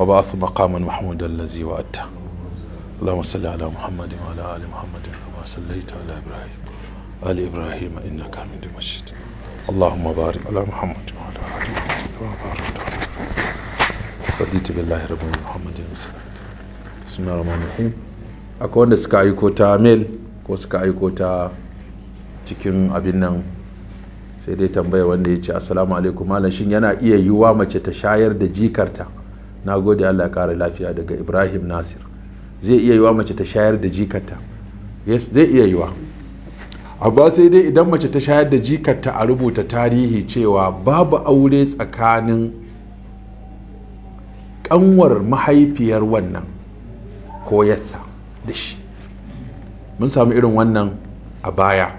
وبعث مقاما محمودا الذي وعدته اللهم صل على محمد وعلى ال محمد كما صليت على ابراهيم ala ابراهيم انك حميد مجيد اللهم بارك على محمد وعلى ال محمد رضيت بالله رب محمد بسم الله الرحمن الرحيم akwai wanda suka aiko ta mail ko suka aiko ta cikin abin nan sai dai tambaya wanda ya ce assalamu alaikum malam shin yana iya yiwuwa mace ta shayar da jikarta na gode allah ya kara lafiya daga ibrahim nasir zai iya yiwa mace ta shayar da jikarta yes zai iya yiwa amma sai dai idan mace ta shayar da jikarta a rubuta tarihi cewa babu aure tsakanin kanwar mahaifiyar wannan ko yassa da shi mun samu irin wannan a baya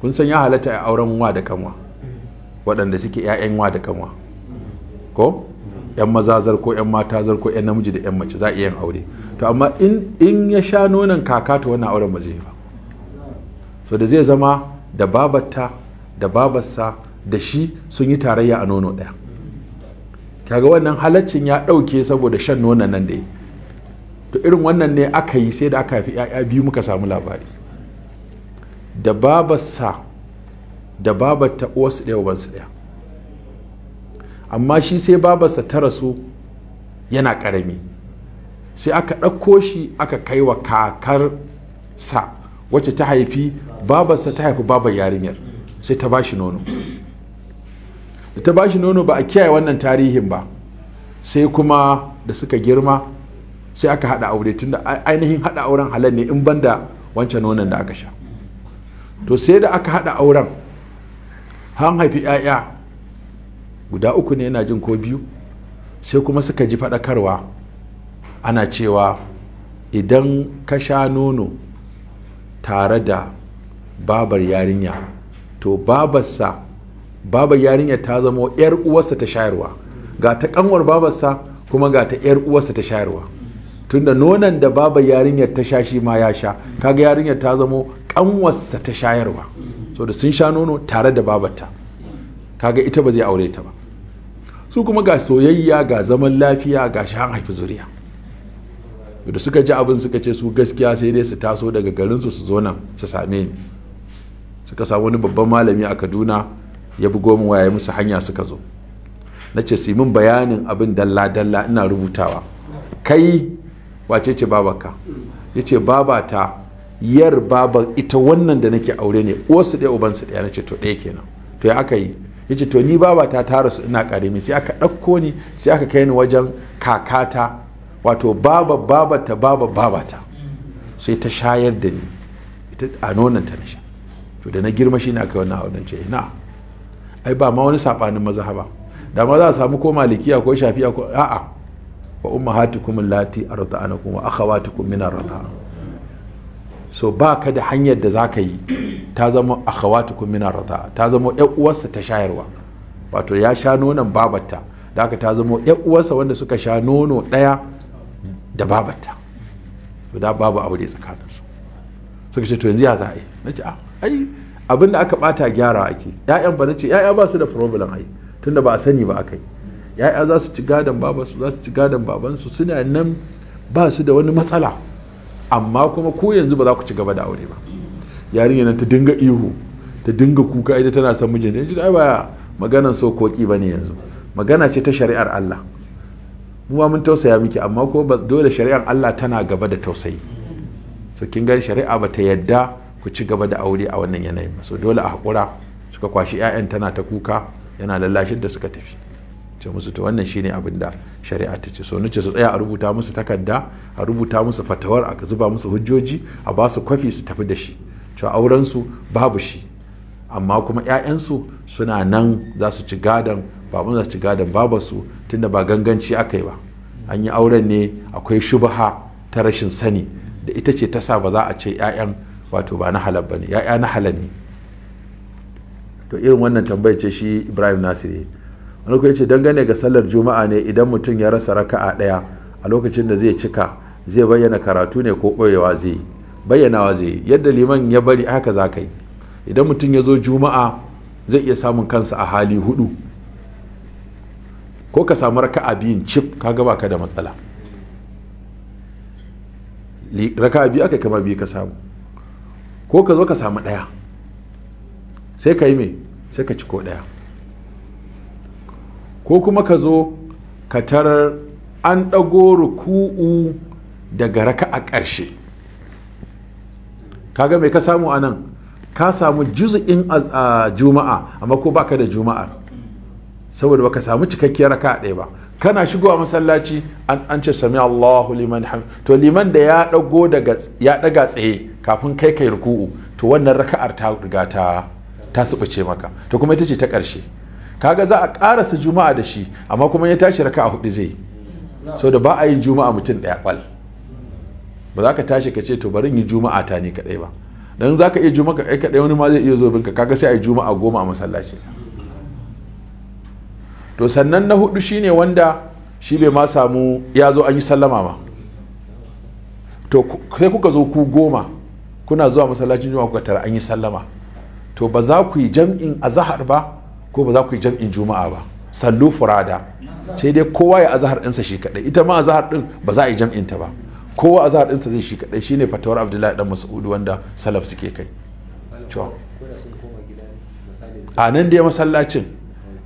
kun san ya halatta a auren wa da kanwa waɗanda suke 'ya'yan wa da kanwa ko yan maza zarko yan mata zarko yan namiji da yan mace za a iya yin aure to amma in ya sha nonon kaka ta wannan auren ba zai ba so da zai zama da babata, da babarsa da shi sun yi tarayya a nono ɗaya kaga wannan halaccin ya ɗauke saboda shan nonon nan da to irin wannan ne aka yi sai da aka haifi 'ya'ya biyu muka samu labari da babarsa da babarta uwarsu ɗaya ubansu ɗaya amma shi sai babarsa ta rasu yana ƙarami sai aka ɗauko shi aka kai wa kakar sa wacce ta haifi babarsa ta haifi babar yarinyar sai ta bashi nono da ta bashi nono ba a kiyaye wannan tarihin ba sai kuma da suka girma sai aka haɗa aure tunda ainihin haɗa auren halal ne in banda wancan nonon da aka sha to sai da aka haɗa auren an haifi 'ya'ya guda uku ne yana jin ko biyu sai kuma suka ji faɗakarwa ana cewa idan ka sha nono tare da babar yarinya to babarsa babar yarinya ta zama 'yar uwarsa ta shayarwa ga ta kanwar babarsa kuma ga ta 'yar uwarsa ta shayarwa tunda nonon da babar yarinyar ta sha shi ma ya sha kaga yarinya ta zama kanwarsa ta shayarwa so da sun sha nono tare da babarta kaga ita ba zai aure ta ba su kuma ga soyayya ga zaman lafiya ga shi an haifi zuriya da suka ji abin suka ce su gaskiya sai dai su taso daga garinsu su zo nan su same ni suka samu wani babban malami a kaduna ya bugo min waya musu hanya suka zo na ce su min bayanin abin dalla dalla ina rubutawa kai wace ce babaka ya ce babata yar babar ita wannan da nake aure ne uwarsu ɗaya ubansu ɗaya na ce to ɗaya kenan to ya aka yi ya ce to ni baba ta tara su ina karimi sai aka ɗauko ni sai aka kai ni wajen kakata wato baba babata baba babata sai ta shayar da ni a nonon ta na to da na girma shi na kai wannan auren ce na ai ba ma wani sabanin ba. da ma za a samu ko malikiya ko shafiya ko a'a wa ummahatukum allati arda'anakum wa akhawatukum min ar-rida'a so ba ka da hanyar da za ka yi ta zama akhawatukum min arda ta zama yan uwarsa ta shayarwa wato ya sha nonon babarta da aka ta zama yan uwarsa wanda suka sha nono daya da babarta to da babu aure tsakanin su suka ce to yanzu ya za a yi ce ah, ai abin da aka bata gyara ake Ya'yan ba ce ya'ya ba su da problem ai tunda ba a sani ba akai Ya'ya za su ci gadon babansu za su ci gadon babansu suna nan ba su da wani matsala amma kuma ko yanzu ba za ku ci gaba da aure ba yarinya nan ta dinga ihu ta dinga kuka ita tana son mijinta ya ba maganan so ba ne yanzu magana ce ta shari'ar Allah mu ma mun tausaya miki amma ko ba dole shari'ar Allah tana gaba da tausayi so kin ga shari'a ba ta yadda ku ci gaba da aure a wannan yanayin so dole a hakura suka kwashi 'ya'yan tana ta kuka yana lallashin da suka tafi ce musu to wannan shine abin da shari'a ta ce so nace su tsaya a rubuta musu takarda a rubuta musu fatawar a zuba musu hujjoji a ba su kwafi su tafi da shi To auren su babu shi amma kuma 'ya'yansu suna nan za su ci gadan baban za su ci gadon babarsu tunda ba ganganci aka yi ba an yi auren ne akwai shubaha ta rashin sani da ita ce ta sa ba za a ce 'ya'yan wato ba na halal ba ne 'ya'ya na halal ne to irin wannan tambayar ce shi ibrahim nasiri wani ya ce dangane ga sallar juma'a ne idan mutum ya rasa raka'a daya a lokacin da zai cika zai bayyana karatu ne ko koyewa zai bayyanawa zai yadda liman ya bari haka za ka yi idan mutum ya zo juma'a zai iya samun kansa a hali hudu ko ka samu raka'a biyun cif ka gaba ka da matsala raka'a biyu aka kama biyu ka samu ko ka zo ka samu daya sai ka yi me sai ka ci ko daya. ko kuma ka zo ka tarar an ɗago ruku'u daga raka a ƙarshe ga mai ka samu a nan ka samu juzu'in juma'a amma ko baka da juma'ar saboda baka samu cikakkiyar raka ɗaya ba kana shigowa masallaci an ce sami Allahu liman ham to liman da ya dago daga ya daga tsaye kafin kai kai ruku'u to wannan raka'ar ta riga ta ta maka to kuma ita ce ta ƙarshe kaga za a karasa juma'a da shi amma kuma ya tashi raka a hudu zai so da ba a yin juma'a mutum daya kwal ba za ka tashi ka ce to bari yi juma'a ta ne kadai ba Don za ka iya juma'a kadai kadai wani ma zai iya zo binka kaga sai a yi juma'a goma a masallaci to sannan na hudu shine wanda shi bai ma samu ya zo an yi sallama ma to sai kuka zo ku goma kuna zuwa masallacin juma'a kuka tara an yi sallama to ba za ku yi jam'in azahar ba ko ba za ku yi jam'in juma'a ba sallu furada sai dai kowa ya azahar ɗinsa shi kaɗai ita ma azahar ɗin ba za a yi jam'in ta ba kowa azahar ɗinsa zai shi kaɗai shine fatawar abdullahi dan mas'ud wanda salaf suke kai a nan dai masallacin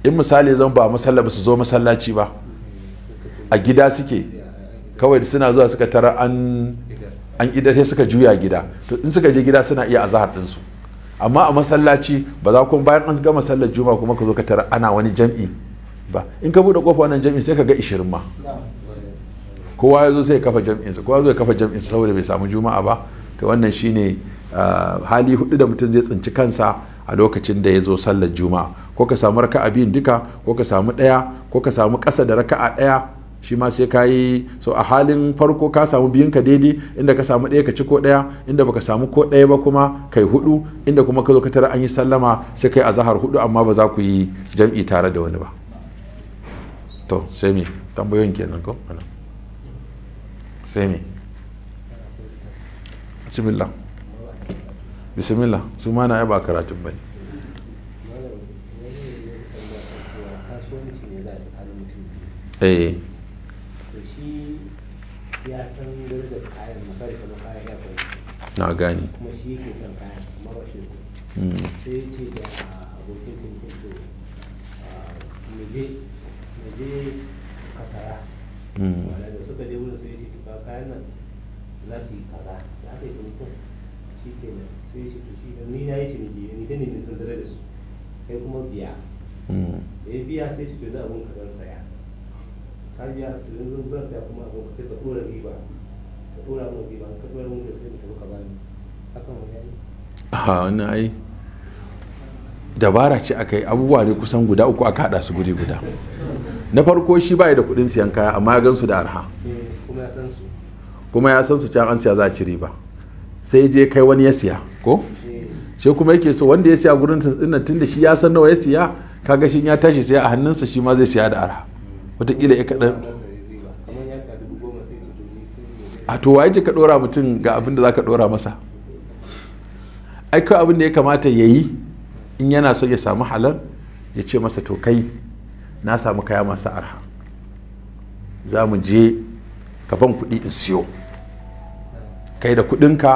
in misali zan ba masalla ba su zo masallaci ba a gida suke kawai suna zuwa suka tara an idar sai suka juya gida to in suka je gida suna iya azahar ɗinsu amma a masallaci ba za ku bayan an gama sallar juma kuma ka zo ka tara ana wani jam'i ba in ka bude kofa wannan jam'i sai ka ga ishirin ma kowa ya zo sai ya kafa sa kowa zo ya kafa sa saboda bai samu juma'a ba to wannan shine ah, hali hudu da mutum zai tsinci kansa a lokacin da ya zo sallar juma'a ko ka samu raka'a biyun duka ko ka samu ɗaya ko ka samu ƙasa da raka'a ɗaya shi ma sai ka yi so a halin farko ka samu biyun ka daidai inda ka samu ɗaya ka ci ko ɗaya inda baka samu ko ɗaya ba kuma kai hudu inda kuma ka zo ka tara an yi sallama sai kai azahar hudu amma ba za ku yi jam'i tare da wani ba to sai me tambayoyin kenan ko sai me bismillah bismillah su ma na ba karatun bane eh na gani kuma shi ke son kayan shi hmm. sai ce da ah, abokin ah, kasara hmm. da suka je wurin sai ce ka kayan nan za su yi kaza da aka yi shi ke nan sai ce to shi ni na yi ni kuma biya hmm. da ya biya sai ce zan saya kuma abun ka sai ka ɗora riba dabara ce aka abubuwa ne kusan guda uku aka hada su guri guda na farko shi bai da kudin siyan kaya amma ya gansu da arha kuma ya san su can an siya za a ci riba sai je kai wani ya siya ko sai kuma yake so wanda ya siya gurin dinnan tun da shi ya san nawa ya siya kaga shi ya tashi sai a hannunsa shi ma zai siya da arha wataƙila ya kaɗan a to waye je ka dora mutum ga abin da za ka dora masa ai kawai abin da ya kamata ya yi in yana so ya samu halar ya ce masa to kai na samu kaya masu arha za mu je ka ban kuɗi in siyo kai da kuɗinka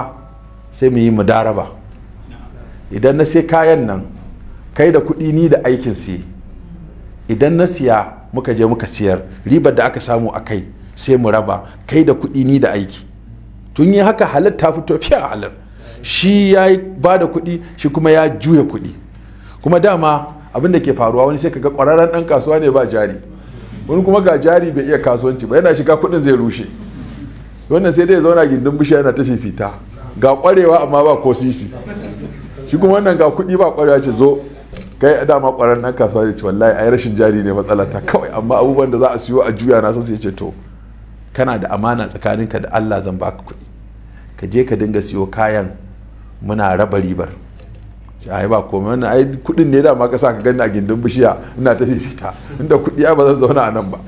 sai mu yi mu ba, idan na sai kayan nan kai da kuɗi ni da aikin siye idan na siya muka je muka siyar ribar da aka samu a kai sai mu raba kai da kuɗi ni da aiki tun yi haka halatta fito fiye a halar shi ya ba da kuɗi shi kuma ya juya kuɗi kuma dama abin da ke faruwa wani sai kaga kwararren ɗan kasuwa ne ba jari wani kuma ga jari bai iya kasuwanci ba yana shiga kuɗin zai rushe wannan sai dai ya zauna gindin bishiya yana ta fifita ga kwarewa amma ba ko sisi shi kuma wannan ga kuɗi ba kwarewa ce zo kai dama kwararren ɗan kasuwa ne ce wallahi ai rashin jari ne matsalata kawai amma abubuwan da za a siyo a juya na sun sai ce to kana da amana tsakaninka da Allah zan baka kuɗi ka je ka dinga siyo kayan muna raba ribar ai ba komai wannan ai kuɗin ne da ma ka sa ka ganna a gindin bishiya ina ta fita inda kuɗi ba zan zauna a nan ba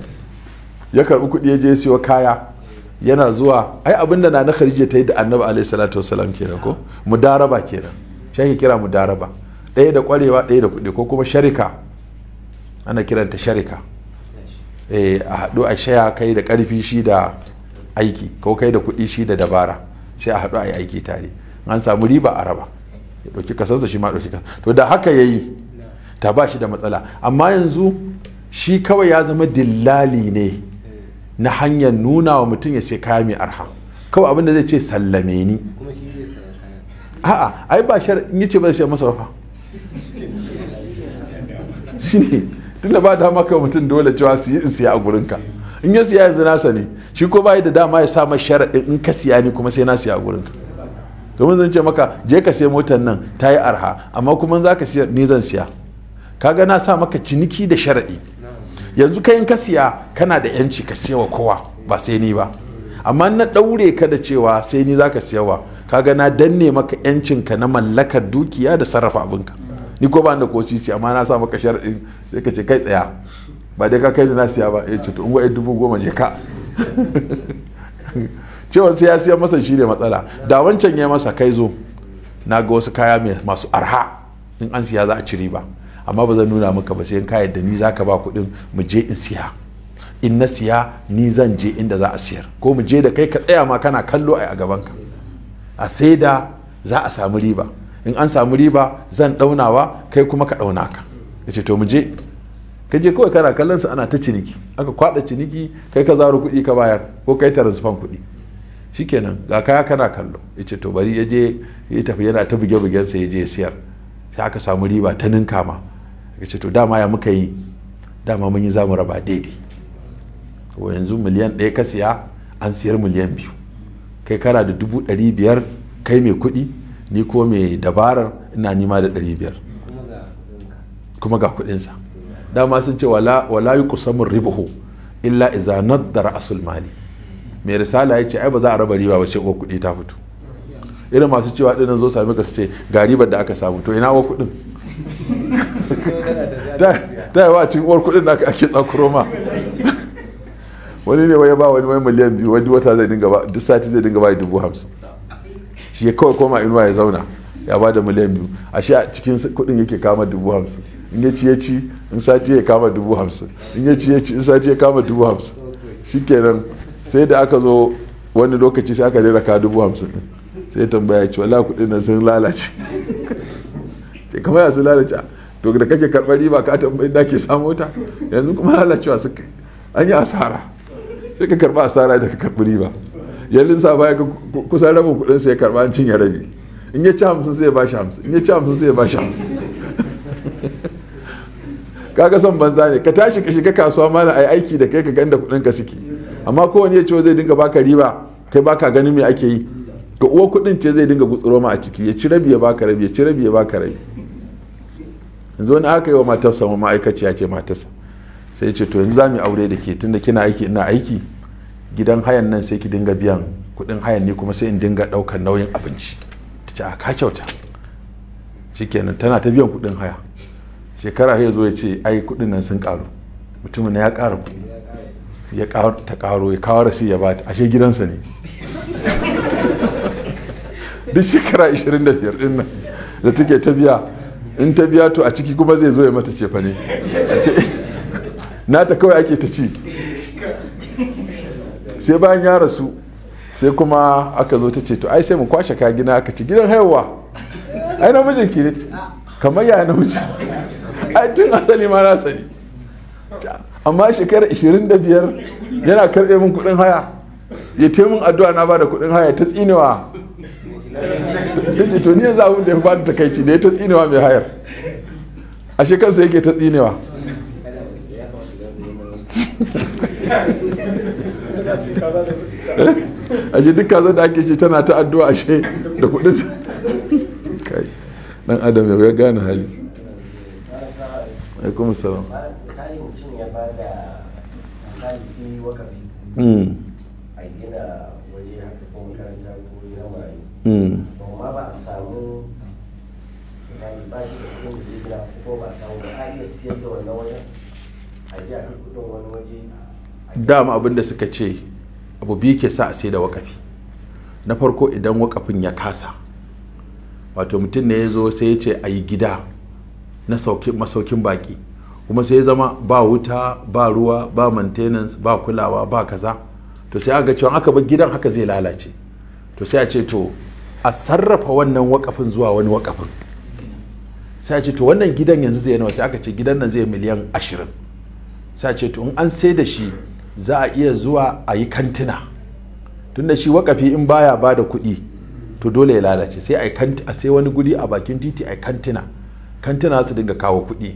ya karbi kuɗi ya je siyo kaya yana zuwa ai abinda na na kharije ta yi da Annabi alaihi salatu wasalam kenan ko mudaraba kenan shi ake kira mudaraba ɗaya da ƙwarewa ɗaya da kuɗi ko kuma sharika ana kiranta sharika Eh, a haɗu a shaya kai da ƙarfi shi da aiki ko kai da kuɗi shi da dabara sai a haɗu a yi aiki tare an samu riba a raba ya ɗauki kasarsa shi ma ɗauki kasarsa to da haka ya yi ta ba shi da matsala amma yanzu shi kawai ya zama dillali ne na hanyar nuna wa mutum ya sai kaya mai arha kawai abin da zai ce sallame ni a'a ai ba shar in yace ba zai masa ba fa tunda ba dama kai mutum dole cewa su yi in siya a gurinka in ya siya yanzu nasa ne shi ko bayi da dama ya sa mashi sharaɗin in ka siya ni kuma sai na siya a ka domin zan ce maka je ka sai motar nan ta yi arha amma kuma za ka siya ni zan siya ga na sa maka ciniki da sharaɗi yanzu kai in ka siya kana da yanci ka siya wa kowa ba sai ni ba amma na ɗaure ka da cewa sai ni za ka siyawa kaga na danne maka yancinka na mallakar dukiya da sarrafa abinka ni ko ba da ko sisi amma na sa maka sharaɗin sai ka ce kai tsaya ba dai ka kai da na ba ya ce to dubu goma je ka cewa sai ya siya masa shi ne matsala da wancan ya masa kai zo na ga wasu kaya masu arha in an siya za a ci riba amma ba zan nuna maka ba sai in kayan da ni za ka ba kuɗin mu je in siya in na siya ni zan je inda za a siyar ko mu je da kai ka tsaya ma kana kallo a gaban ka a sai da za a samu riba in an samu riba zan daunawa kai kuma ka dauna ka yace to mu je ka je kawai kana kallon su ana ta ciniki aka kwada ciniki kai ka zaro kuɗi ka bayar ko kai tarazufan kuɗi shikenan ga kaya kana kallo yace to bari ya je ya tafi yana ta buge bugen sa ya je siyar sai aka samu riba ta ninka ma yace to dama ya muka yi dama mun yi zamu raba daidai ko yanzu miliyan ɗaya ka siya an siyar miliyan biyu kai kana da dubu ɗari biyar kai mai kuɗi ni ko mai dabarar ina nima da 500 kuma ga kudinsa dama sun ce wala yi kusamun ribuhu illa iza naddara asul mali mai risala ya ce ai ba za a raba riba ba ce ko kudi ta fito irin masu cewa dinan zo sami ka su ce ga ribar da aka samu to ina wa kudin ta yawa cikin uwar kudin da ake tsakuro ma wani ne waya ba wani wai miliyan biyu wani wata zai dinga ba duk sati zai dinga ba dubu hamsin shi ya kawai koma inuwa ya zauna ya ba da miliyan biyu a shi a cikin kudin yake kama dubu hamsin in ya ci ya ci in sati ya kama dubu hamsin in ya ci ya ci in sati ya kama dubu hamsin shikenan sai da aka zo wani lokaci sai aka rera ka dubu hamsin sai tambaya ci wala kudin nan sun lalace sai kama ya sun lalace to da kake karɓar riba ka tambayi da ke samu wuta yanzu kuma lalacewa suka an yi asara sai ka karɓi asara da ka karɓi riba sa lissafa ya kusan rabin kudin sai ya karba cin ya rabi in ya ci hamsin sai ya bashi hamsin in ya ci hamsin sai ya bashi hamsin kaga son banza ne ka tashi ka shiga kasuwa mana na aiki da kai ka ganda kudin ka suke amma kowane ya ce zai dinga baka riba kai baka ganin me ake yi ga uwa kudin ce zai dinga gutsuro ma a ciki ya ci rabi ya baka rabi ya ci rabi ya baka rabi yanzu wani aka yi wa matarsa ma ma'aikaciya ce matarsa sai ya ce to yanzu za mu aure da ke tunda kina aiki ina aiki gidan hayan nan sai ki dinga biyan kuɗin hayan ne kuma sai in dinga ɗaukar nauyin abinci ta ce a ah, ka kyauta shikenan tana ta biyan kuɗin haya shekara ya zo ya ce ai kuɗin nan sun ƙaru mutumin ya kara kudi ya ta ƙaro ya kawo rasi ya bata ashe gidansa ne duk shekara 25 din nan da take ta biya in ta biya to a ciki kuma zai zo ya mata cefane. ne ta kawai ake ta ci sai bayan ya rasu sai kuma aka zo ta ce to ai sai mu kwashe ka gina aka ci gidan haihuwa ai namijin ki ne kamar ya namiji ai tun asali ma na sani amma shekarar 25 yana karɓe min kuɗin haya ya te min addu'a na bada kuɗin haya ta tsinewa ta ce to ni yanzu abin da ya bada takaici da ya ta tsinewa mai hayar ashe kansa yake ta tsinewa ashe duk kaza da ake ce tana ta addu'a ashe da kudin kai dan adam ya gane hali alaikum salam misali mutum ya ba da misali fi wakafi hmm. a gina waje haka ko makaranta ko gina marayu hmm. amma ba a samu misali ba shi da kuma zai gina ko ba a samu ba a iya siyar da wannan wajen a ji a dama abin da suka ce abu biyu ke sa a sai da wakafi na farko idan wakafin ya kasa wato mutum ne ya zo sai ya ce a yi gida na masaukin baki kuma sai ya zama ba wuta ba ruwa ba maintenance ba kulawa ba kaza to sai aga cewa aka bar gidan haka zai lalace to sai a ce to a sarrafa wannan wakafin zuwa wani wakafin sai a ce to wannan gidan yanzu zai nawa sai aka ce gidan nan zai miliyan ashirin sai a ce to in an sai da shi za a iya zuwa a yi kantina tunda shi wakafi in baya ba da kuɗi to dole ya lalace sai a sai wani guri a bakin titi a kantina kantina su dinga kawo kuɗi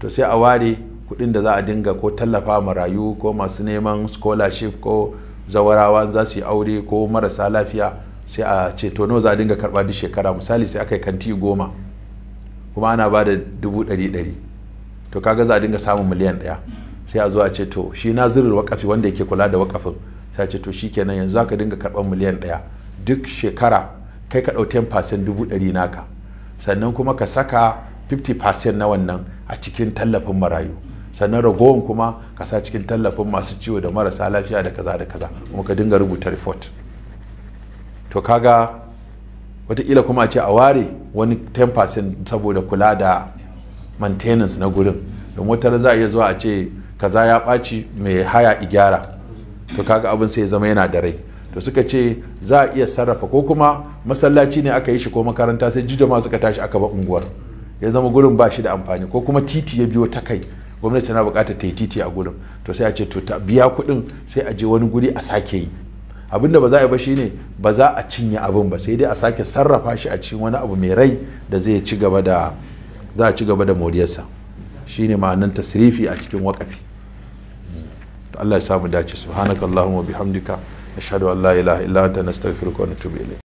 to sai a ware kuɗin da za a dinga ko tallafa marayu ko masu neman scholarship ko zawarawa za su yi aure ko marasa lafiya sai a ce to nawa za a dinga karɓa duk shekara misali sai aka yi kanti goma kuma ana ba da dubu ɗari ɗari to kaga za a dinga samun miliyan ɗaya sai a zo ce to shi na zirin wakafi wanda yake kula da wakafin sai ce to shikenan yanzu za dinga karɓar miliyan ɗaya duk shekara kai ka ɗau 10% dubu ɗari naka sannan kuma ka saka 50% na wannan a cikin tallafin marayu sannan ragowar kuma ka sa cikin tallafin masu ciwo da marasa lafiya da kaza da kaza kuma ka dinga rubuta report to kaga watakila kuma a ce a ware wani 10% saboda kula da maintenance na gurin don wata za a iya zuwa a ce kaza ya ɓaci mai haya igyara to kaga abin sai ya zama yana da rai to suka ce za a iya sarrafa ko kuma masallaci ne aka yi shi ko makaranta sai ma suka tashi aka ba unguwar ya zama gurin ba shi da amfani ko kuma titi ya biyo ta kai gwamnati tana bukatar ta yi titi a gurin to sai a ce to biya kuɗin sai a je wani guri a sake yi abin da ba za a yi ba shi ne ba za a cinye abin ba sai dai a sake sarrafa shi a cikin wani abu mai rai da zai ci gaba da za a ci gaba da moriyarsa shine ma'anan tasrifi a cikin wakafi Allah ya samu dace subhanakallahumma bihamdika nashhadu an la ilaha illa anta nastaghfiruka wa natubu ilayk